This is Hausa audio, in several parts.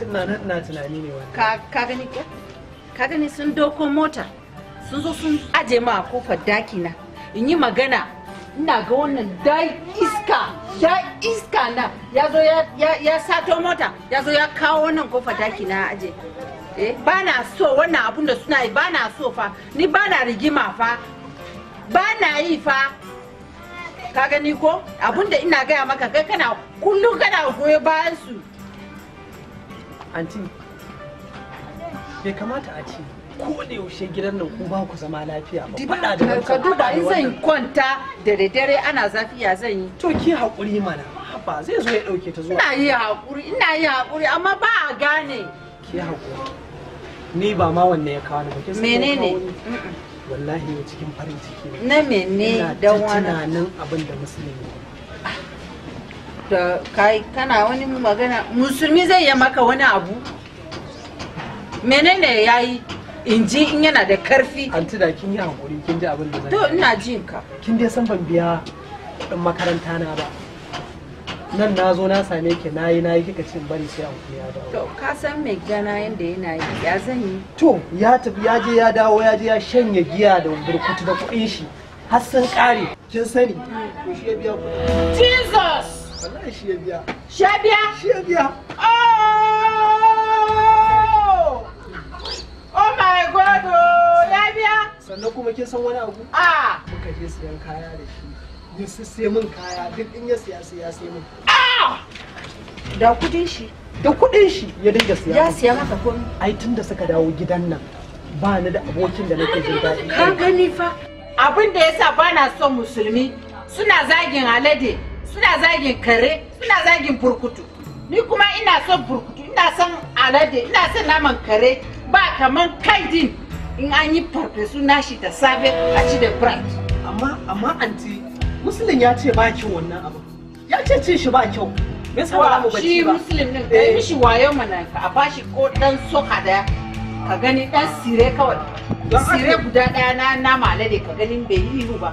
tunani ne ka gani ka gani sun doko mota sun zo sun aje ma a kofar daki na in yi magana ina ga wannan da iska da iska na ya zo ya sato mota ya zo ya kawo wannan kofar daki na aje eh, ba na so wannan abun da suna yi ba na so fa ni ba na rigima fa ba na yi fa ka gani ko abun da ina gaya maka kai kana kullum kana goyo bayan su anti bai kamata a ce ko da yaushe gidan nan ku ba ku zama lafiya ba faɗa da wancan ka duba in zan kwanta dare dare ana zafi ya zan yi to ki haƙuri mana ba zai zo ya ɗauke ta zuwa ina yi haƙuri ina yi haƙuri amma ba a gane ki haƙuri ni ba ma wanne ya kawo ni ba menene wallahi ne cikin farin ciki ne. na menene dan wani tunanin abin da musulmi ne. da kai kana wani magana musulmi zai yi maka wani abu menene ya yi in ji in yana da karfi anti da kin yi hankuri kin ji abin da zai to ina jin ka kin dai san ban biya din makaranta na ba nan na zo na same ki na yi na yi kika cin bari sai an kuya da to ka san me gana yanda yana yi ya zan yi to ya tafi ya je ya dawo ya je ya shanye giya da burkutu da kuɗin shi har sun kare kin sani hmm. ku shi ya biya kuɗi jesus wallahi shi ya biya shi ya biya shi ya biya oh, oh my god oh! ya biya sannan kuma kin san wani abu a ah! muka je siyan kaya da shi ya sai min kaya duk in ya siya sai ya sai min ah! da kudin shi da kudin shi ya dinga siya ya siya maka komai ai da suka dawo gidan nan ba ni da abokin da nake jin daɗi ka gani fa abin da yasa ba na son musulmi suna zagin alade suna zagin kare suna zagin burkutu ni kuma ina son burkutu ina son alade ina son naman kare ba kaman kaidin in an yi farfesu nashi da safe a ci da brand amma amma anti musulun ya ce ba kyau wannan abu ya ce cin shi ba kyau me yasa ba mu ba shi musulun din kai eh. mishi wayo mana ka a bashi ko dan soka daya ka gani dan sire kawai sire guda daya na nama alade ka ganin bai yi ba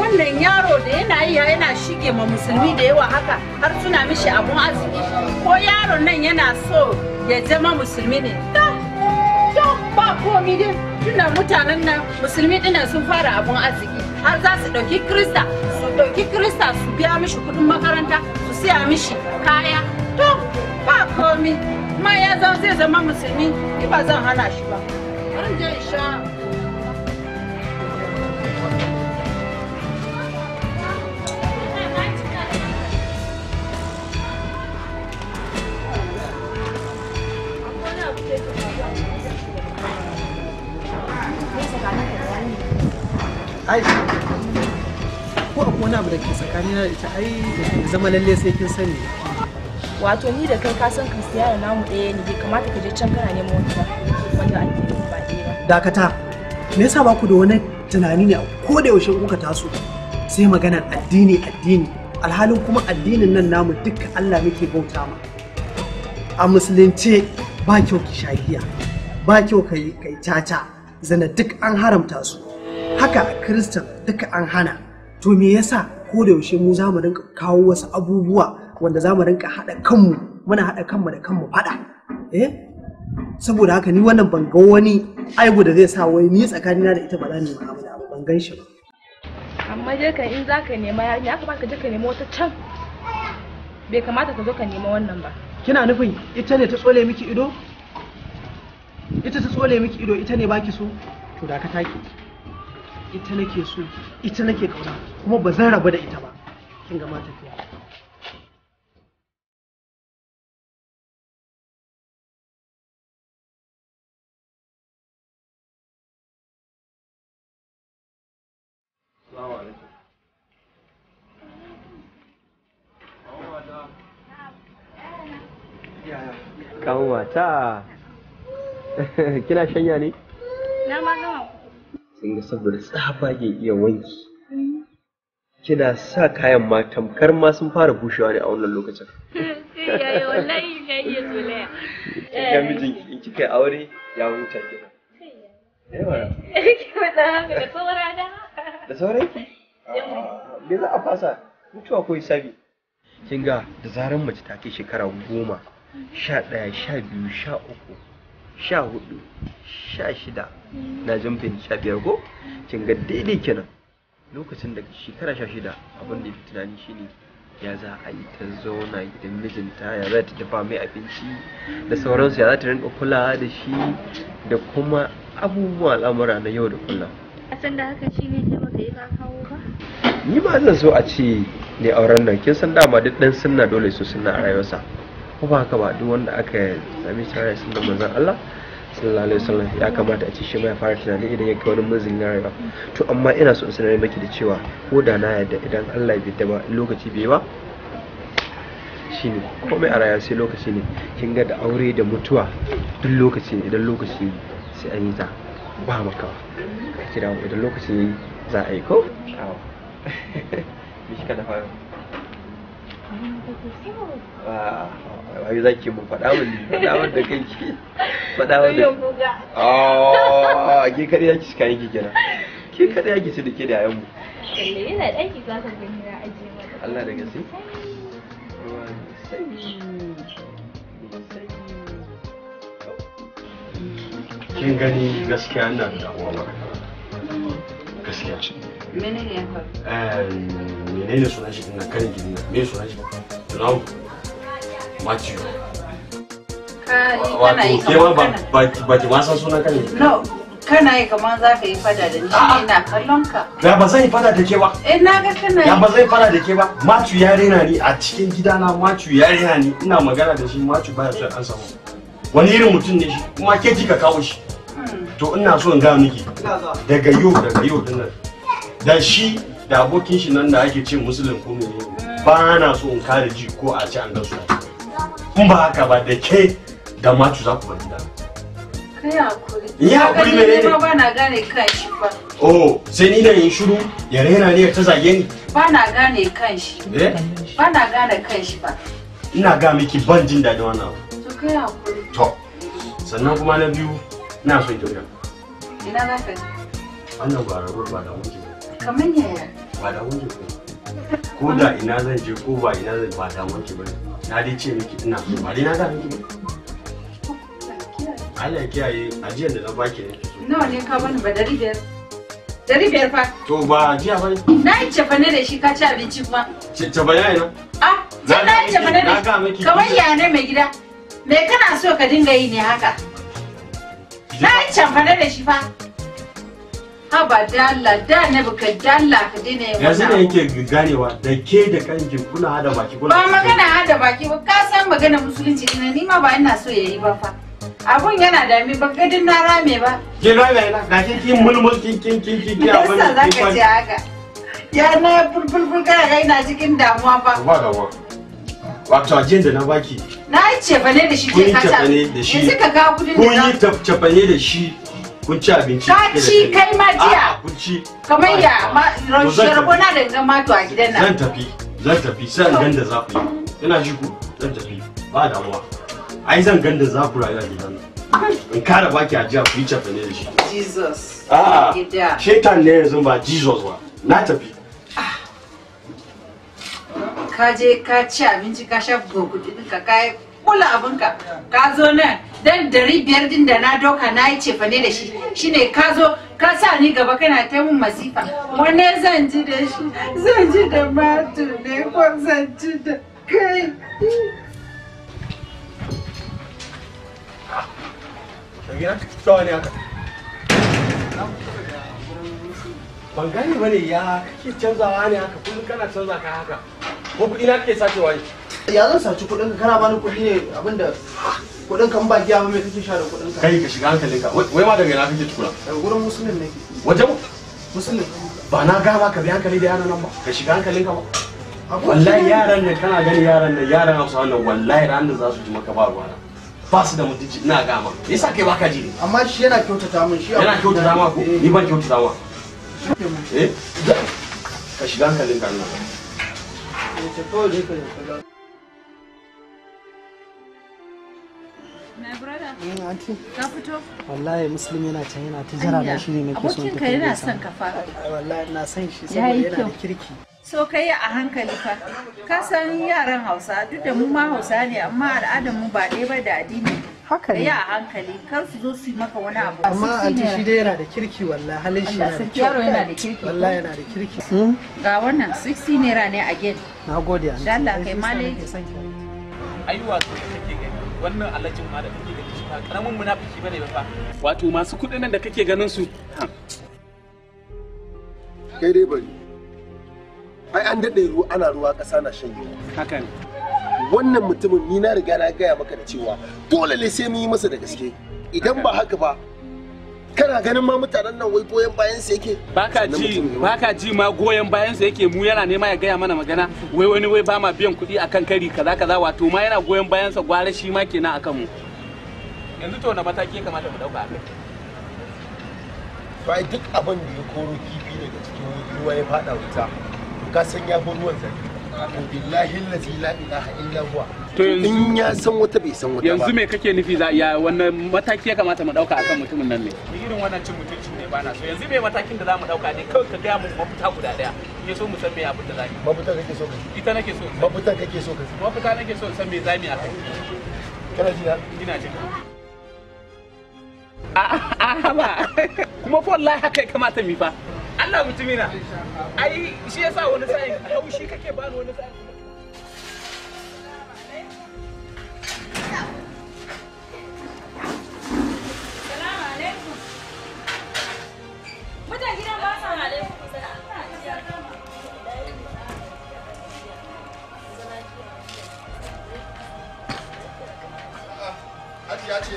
wannan yaro da yana yi yana shige ma musulmi da yawa haka har tuna mishi abun arziki ko yaron nan yana so ya zama musulmi ne ba komi dai tunda mutanen nan musulmi dinan sun fara abun arziki har za su ɗauki krista su ɗauki krista su biya mishi kuɗin makaranta su siya mishi kaya to ba komi ma ya zama zai zama musulmi ki ba zan hana shi ba. Bari je in ai ko akwai abu da ke tsakani na ita ai da zama lalle sai kin sani wato ni da kai ka san ka namu ɗaya ne bai kamata ka je can kana neman wata wanda ake ba ɗaya ba dakata me yasa ba ku da wani tunani ne ko da yaushe kuka taso sai maganar addini addini alhalin kuma addinin nan namu duka Allah muke bauta ma a musulunce ba kyau ki shagiya ba kyau kai caca zana duk an haramta su haka kristan duka an hana to me yasa ko da yaushe mu zamu rinka kawo wasu abubuwa wanda zamu rinka haɗa kanmu muna hada kanmu da kanmu faɗa eh saboda haka ni wannan ban ga wani aibu da zai sa wai ni tsakanina da ita ba za ni ba ban gan shi ba amma je ka in zaka nema yarinya aka ka je ka nema wata can bai kamata ka zo ka nema wannan ba kina nufin ita ne ta tsole miki ido ita ta tsole miki ido ita ne baki so to da ka take ita nake so ita nake kauna kuma ba zan rabu da ita ba kin ga tafiya Kawata, kina shanya ne? sun ga saboda tsabage iya wanki kina sa kayan ma tamkar ma sun fara bushewa ne a wannan lokacin yayi wallahi in kika yi aure ya huta ki da saura sauran ki ah, me za a fasa mutuwa ko hisabi kin ga da zaran mace ta kai shekara goma sha ɗaya sha biyu sha uku sha hudu sha shida na jamfin sha biyar ko Cin ga daidai kenan lokacin da shekara sha shida abin da ya fi tunani shine ya za a yi ta zauna gidan mijinta ya za ta dafa mai abinci da sauransu ya za ta rinka kula da shi da kuma abubuwa al'amura na yau da kullum a san da haka shi ne ba ka yi ba kawo ba ni ma zan so a ce ne auren nan kin san dama duk dan sunna dole su sunna a rayuwarsa ko ba haka ba duk wanda aka sami shari'a sun da manzan Allah sallallahu alaihi wasallam ya kamata a ce shi ma ya fara tunani idan ya kai wani mazin na rayuwa to amma ina so in sanar maki da cewa ko da na yadda idan Allah ya bidda ba lokaci bai ba shine komai a rayuwa sai lokaci ne kin ga da aure da mutuwa duk lokaci ne idan lokaci sai an yi ta ba makawa ka kira idan lokaci za a yi ko? Awa. Bishka da fara. a yi zaki mu faɗa wani faɗa wanda kai ki faɗa wanda a ah, ke kaɗai ya ki kenan kaɗai ya ki ci da ke da yayan yana ɗaki za ka gani na mata Allah da gaske kin gani gaskiya nan da damuwa gaskiya ce ne ya faru eh, menene sunan shi dinnan karin ki dinnan me sunan shi rawu matiyo wato kewa ba ki ma san sunan karin ki no kana yi kamar za ka yi fada da ni shi ah! na kallon ka ya ba zan yi fada da ke ba eh na ga kana ya ba zan yi fada da ke ba macu ya rena ni a cikin gidana macu ya rena ni ina magana da shi macu baya son an samu wani irin mutum ne shi kuma ke ji ka kawo shi hmm. to ina so in ga miki daga yau daga yau dinnan da shi da abokin shi nan da ake ce musulun ko mene ba na so in kare ji ko a ce an gasu kun ba haka ba da ke da matu za ku bari da ya hakuri mene ne ba na gane kan shi ba oh sai ni da yin shiru ya rena ne ta zage ni ba na gane kan shi eh? ba na gane kan shi ba ina ga miki ban jin daɗin wannan to kai hakuri to sannan kuma na biyu ina so in tafiya ina za ka wannan ba rabuwar ba da wuce kamar yaya ba da wanke ba ko da ina zan je ko ba ina zan ba da wanke ba na dai ce miki ina so ba dai na ga miki Allah ya kiyaye ajiyar da na baki ne nawa ne ka bani ba dari biyar dari biyar fa to ba ajiya ba na yi cefane da shi ka ci abinci kuma cefane ne ah sai na yi cefane da shi kamar yaya mai gida me kana so ka dinga yi ne haka na yi cefane da shi fa haba dalla da ne baka dalla ka daina yi yanzu ne yake garewa da ke da kanki kuna hada baki kuna ba magana hada baki ba ka san magana musulunci ina ni ma ba ina so yayi ba fa abun yana da mi ban gadin na rame ba ke rame ina ga kin kin mulmul kin kin kin kin kin abun za ka ji haka ya na fulfulful ka ga ina cikin damuwa ba ba ga ba wato ajiyar na baki na yi cefane da shi ke kasa yanzu ka ga kudin da za kun yi cefane da shi kun ci abinci ka ci kai ma jiya kun ci kamar ya ma rabo na da gamato a gidan nan zan tafi zan tafi sai gan da za ku ina ji ku zan tafi ba damuwa ai zan ganda da rayuwa gidan nan in kara baki a jiya ku yi cafe ne da shi jesus a'a shaitan ne yanzu ba jesus ba na tafi ah. ka je ka ci abinci ka shafa kuɗin ka kai kula abinka ka zo nan dan dari biyar din da na doka na yi cefa ne da shi shine ka zo ka sa ni gaba kana ta mun masifa wane zan ji da shi zan ji da matu ne ko zan ji da kai Ban gane bane ya kake canzawa ne haka kullum kana canza ka haka. ko kuɗi na kake sacewa ne ya zan saci kuɗin kana bani kuɗi ne abinda kuɗin kan ba giya ba me kake share da kuɗin ka kai ka shiga hankalin ka wai ma daga ina kake tukuna gurin musulmin ne wajen musulmin ba na gama ka bi hankali da yaran nan ba ka shiga hankalin ka ba wallahi yaran ne kana gani yaran ne yaran hausa wannan wallahi ranar za su ji maka ba ruwa ba su da mutunci ina gama me yasa kai baka ji ne amma shi yana kyautata min shi yana kyautata ma ko ni ban kyautata ma eh ka shiga hankalin ka nan wallahi muslim yana can yana ta jira da shi ne nake so ka yana son ka fara wallahi ina son shi saboda yana da kirki so kai a hankali fa ka san yaran hausa duk da mu ma hausa ne amma al'adar mu ba ɗaya ba da addini haka ne ya hankali kar su zo su maka wani abu amma anti shi dai yana da kirki wallahi halin shi yana da kirki yaro yana da kirki wallahi yana da kirki hmm? ga wannan 60 naira ne a gate nagode anti Allah kai male aiwa to kake gani wannan alajin ma da kake gani ba karamin munafiki bane ba fa wato masu kuɗin nan da kake ganin su kai dai bari ai an daɗe ruwa ana ruwa ƙasa na shan gida haka ne wannan mutumin ni na riga na gaya maka da cewa dole ne sai mun yi masa da gaske idan ba haka ba kana ganin ma mutanen nan wai goyon bayan sa yake baka ji baka ji ma goyon bayan sa yake mu yana nema ya gaya mana magana wai wani wai ba ma biyan kuɗi akan kari kaza kaza wato ma yana goyon bayan sa gwara shi ma kenan akan mu yanzu to na mataki ya kamata mu dauka akai bai duk abin da ya koro kifi daga cikin ruwa ya fada wuta ka san ya fi ruwan zafi billahi lazi la ilaha illa to yanzu in ya san wata bai san wata yanzu me kake nufi za ya wannan mataki ya kamata mu dauka akan mutumin nan ne irin wannan cin mutunci ne bana so yanzu me matakin da zamu dauka ne kawai ka ga mu mafita guda daya in so mu san me abin da zamu mafita kake so kai ita nake so mafita kake so kai mafita nake so san me zamu yi akai kana ji na ina ji a a ba kuma fa wallahi haka kamata mi fa Allah mutumina ai shi yasa wani sa'in haushi kake bani wani sa'in ya ce.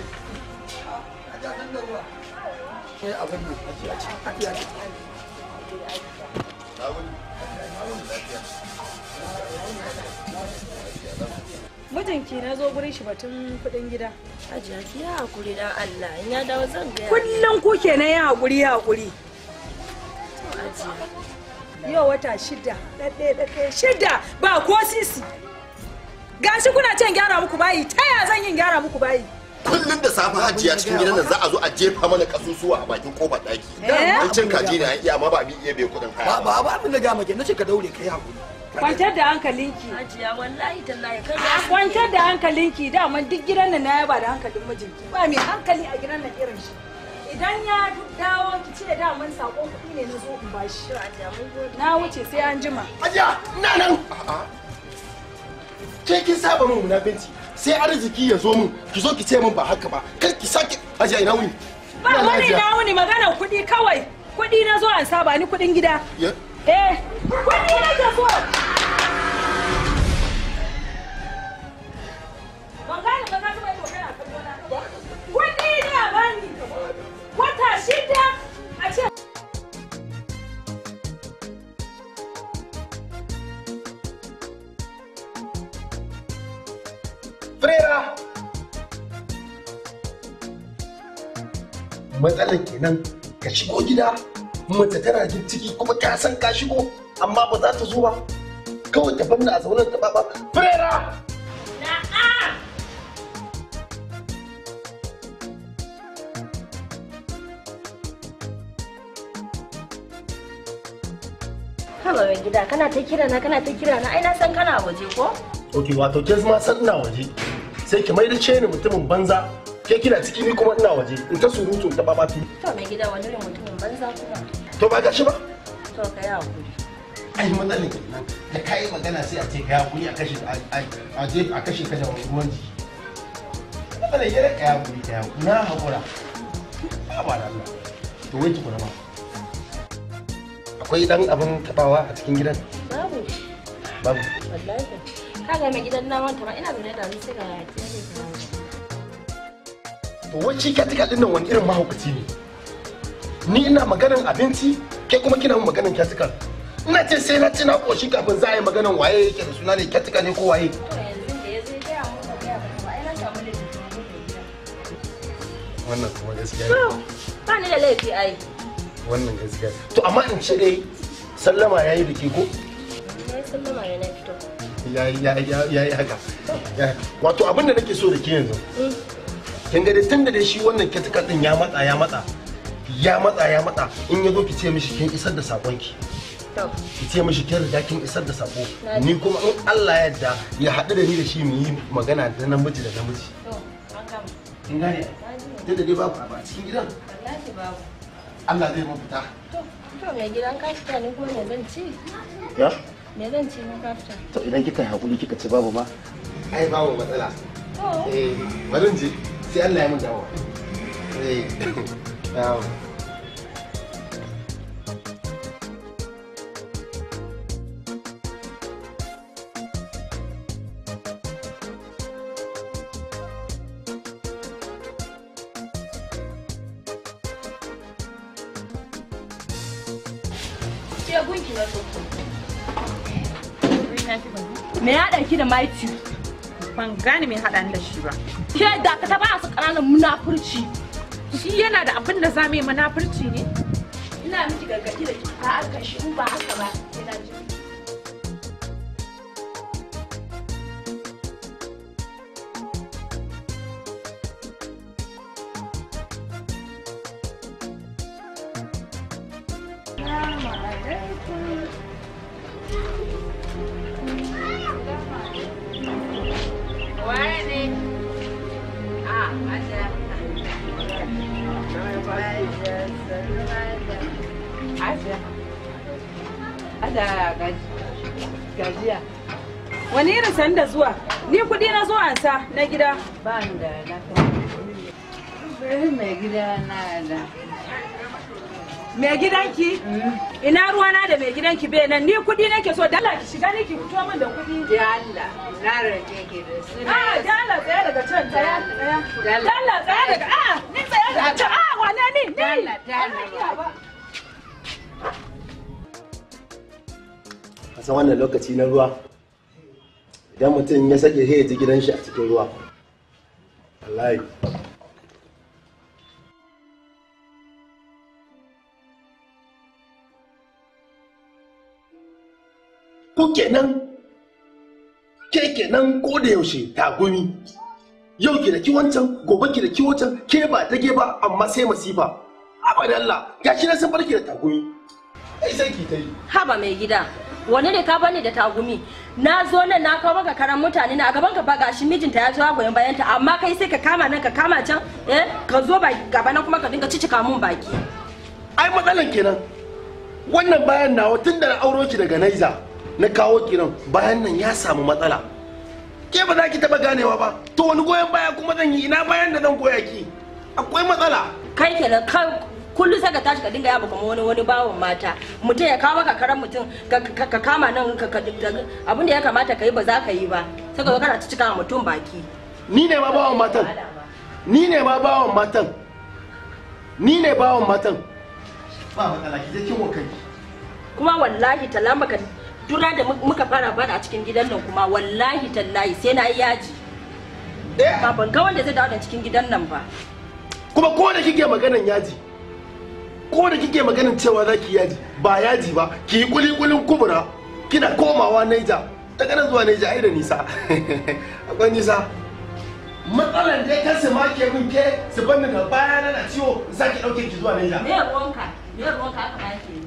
Ya abin nan, ya ce, ya ce. mijinki na zo gurin shi batun kudin gida hajiya ki ya hakuri dan Allah in ya dawo zan gaya. kullum kuke na ya hakuri ya hakuri yau wata shida ɗaɗɗe ɗaɗɗe shida ba ko sisi gashi kuna can gyara muku bayi ta zan yin gyara muku bayi kullum da safe hajiya cikin gidan nan za a zo a jefa mana kasusuwa a bakin kofar daki eh? an cin kaji ne an iya amma ba bi iya bai kudin kaya ba ba abin da ga maka nace ka daure kai hakuri kwantar da hankalinki hajiya wallahi tallahi kai kwantar da hankalinki dama duk gidan nan na yaba da hankalin mijinki ba mai hankali a gidan nan irin shi idan ya dawo ki ce da mun sakon kuɗi ne na zo in bashi na wuce sai an jima hajiya ina nan ke kin saba mun munafinci sai arziki ya zo min ki zo ki ce min ba haka ba kar ki sake aje ina wuni ba wani ina wuni magana kuɗi kawai kuɗi na zo an saba ni kuɗin gida eh kuɗi na zo matsalar kenan ka shigo gida mace tana jin ciki kuma ka san ka shigo amma ba za ta zo ba kawai ta banna a zaunar ta baba furera Kama mai gida kana ta kira na kana ta kira na ai na san kana waje ko? Ok wato kin ma san ina waje sai ki mai da ce ni mutumin banza ke kina ciki ni kuma ina waje in ta surutu ta babatu to mai gida wani ne mutumin banza kuma to ba gashi ba to ka yi hakuri ai kai magana sai a ce ka yi hakuri a kashe a ka da ruwan ya rika na hakura ba ba dan abin tabawa a cikin gidan babu babu wallahi kaga mai gidan na wanta ma ina zaune da sai ga wacce katika ɗin nan wani irin mahaukaci ne ni ina maganan abinci ke kuma kina mun maganan kyatical ina ce sai na ci na koshi kafin za a yi maganan waye yake da suna ne ne ko waye wannan kuma gaskiya ni da laifi ai wannan gaskiya to amma in ce dai sallama yayi ya yi ya ya ya haka wato abin da nake so da ke yanzu mm. kin ga tunda da shi wannan kitikar din ya matsa ya matsa ya matsa ya matsa in ya zo ki ce mishi kin isar da sakon ki ki ce mishi kin riga kin isar da sako ni kuma in Allah ya yarda ya haɗu da ni da shi mu yi magana da namiji da namiji kin gane da dai babu a cikin gidan wallahi babu Allah zai mu fita to mai gidan ka fita ne ko me zan ci ya me zan ci mun ka fita to idan kika hakuri kika ci babu ma ai babu matsala eh bari je sai Allah ya mun dawo eh. Me ya ɗauki da Matthew. ban gane mai haɗa da shi ba. Ke da ka taba su ƙananan munafurci. Shi yana da abin da za mu yi munafurci ne? Ina miki gargaɗi da ki ta alkashi in ba haka ba. Ina ba ruwa na da mai gidanki mm. ina ruwana da mai gidanki bai nan ni kudi nake so dala ki shiga niki fito min da kudi ya Allah na rage ke da su ah dala tsaya daga can tsaya dala tsaya daga ah ni tsaya daga can ah wane ni ni dala dala a san wannan lokaci na ruwa idan mutum ya sake ya ji gidan shi a cikin ruwa wallahi ko kenan ke kenan ko da yaushe tagumi yau ki da kiwancan, gobe ki da kiwancan, ke ba dage ba amma sai masifa abadan Allah gashi na san barki da tagumi ai sai ki ta yi haba mai gida wani ne ka bani da tagumi na zo nan na kawo maka karan mutane na gaban ka ba gashi mijinta ya zo goyon bayan ta amma kai sai ka kama nan ka kama can eh ka zo ba gaba nan kuma ka dinga cicika mun baki ai matsalan kenan wannan bayan nawa tun da na auro ki daga Naiza na kawo ki bayan nan ya samu matsala ke ba za ki taba ganewa ba to wani goyon baya kuma zan yi ina bayan da zan goya ki akwai matsala kai kenan kullum sai ka tashi ka dinga yaba kamar wani wani bawan mata mutum ya kawo maka karan mutum ka kama nan abin da ya kamata ka yi ba za ka yi ba sai ka kana cika mutum baki ni ne ma bawan matan ni ne ma bawan matan ni ne bawan matan ba matsala ki je kin wakai kuma wallahi talama ka dura da muka fara fara a cikin gidan nan kuma wallahi tallahi sai na yaji eh? ba ban ga wanda zai dawo da cikin gidan nan ba kuma ko da kike maganan yaji ko da kike maganin cewa za ki yaji ba yaji ba ki yi kulikulin kubura kina komawa naija ta nan zuwa naija ai da nisa akwai nisa matsalan dai kan su ma ke min ke su bani da baya na ciwo za ki ɗauke ki zuwa naija me ruwanka me ruwanka aka ba ki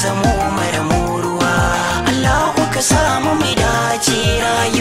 zamo mara muruwa, Allah ka samu mai dace rayu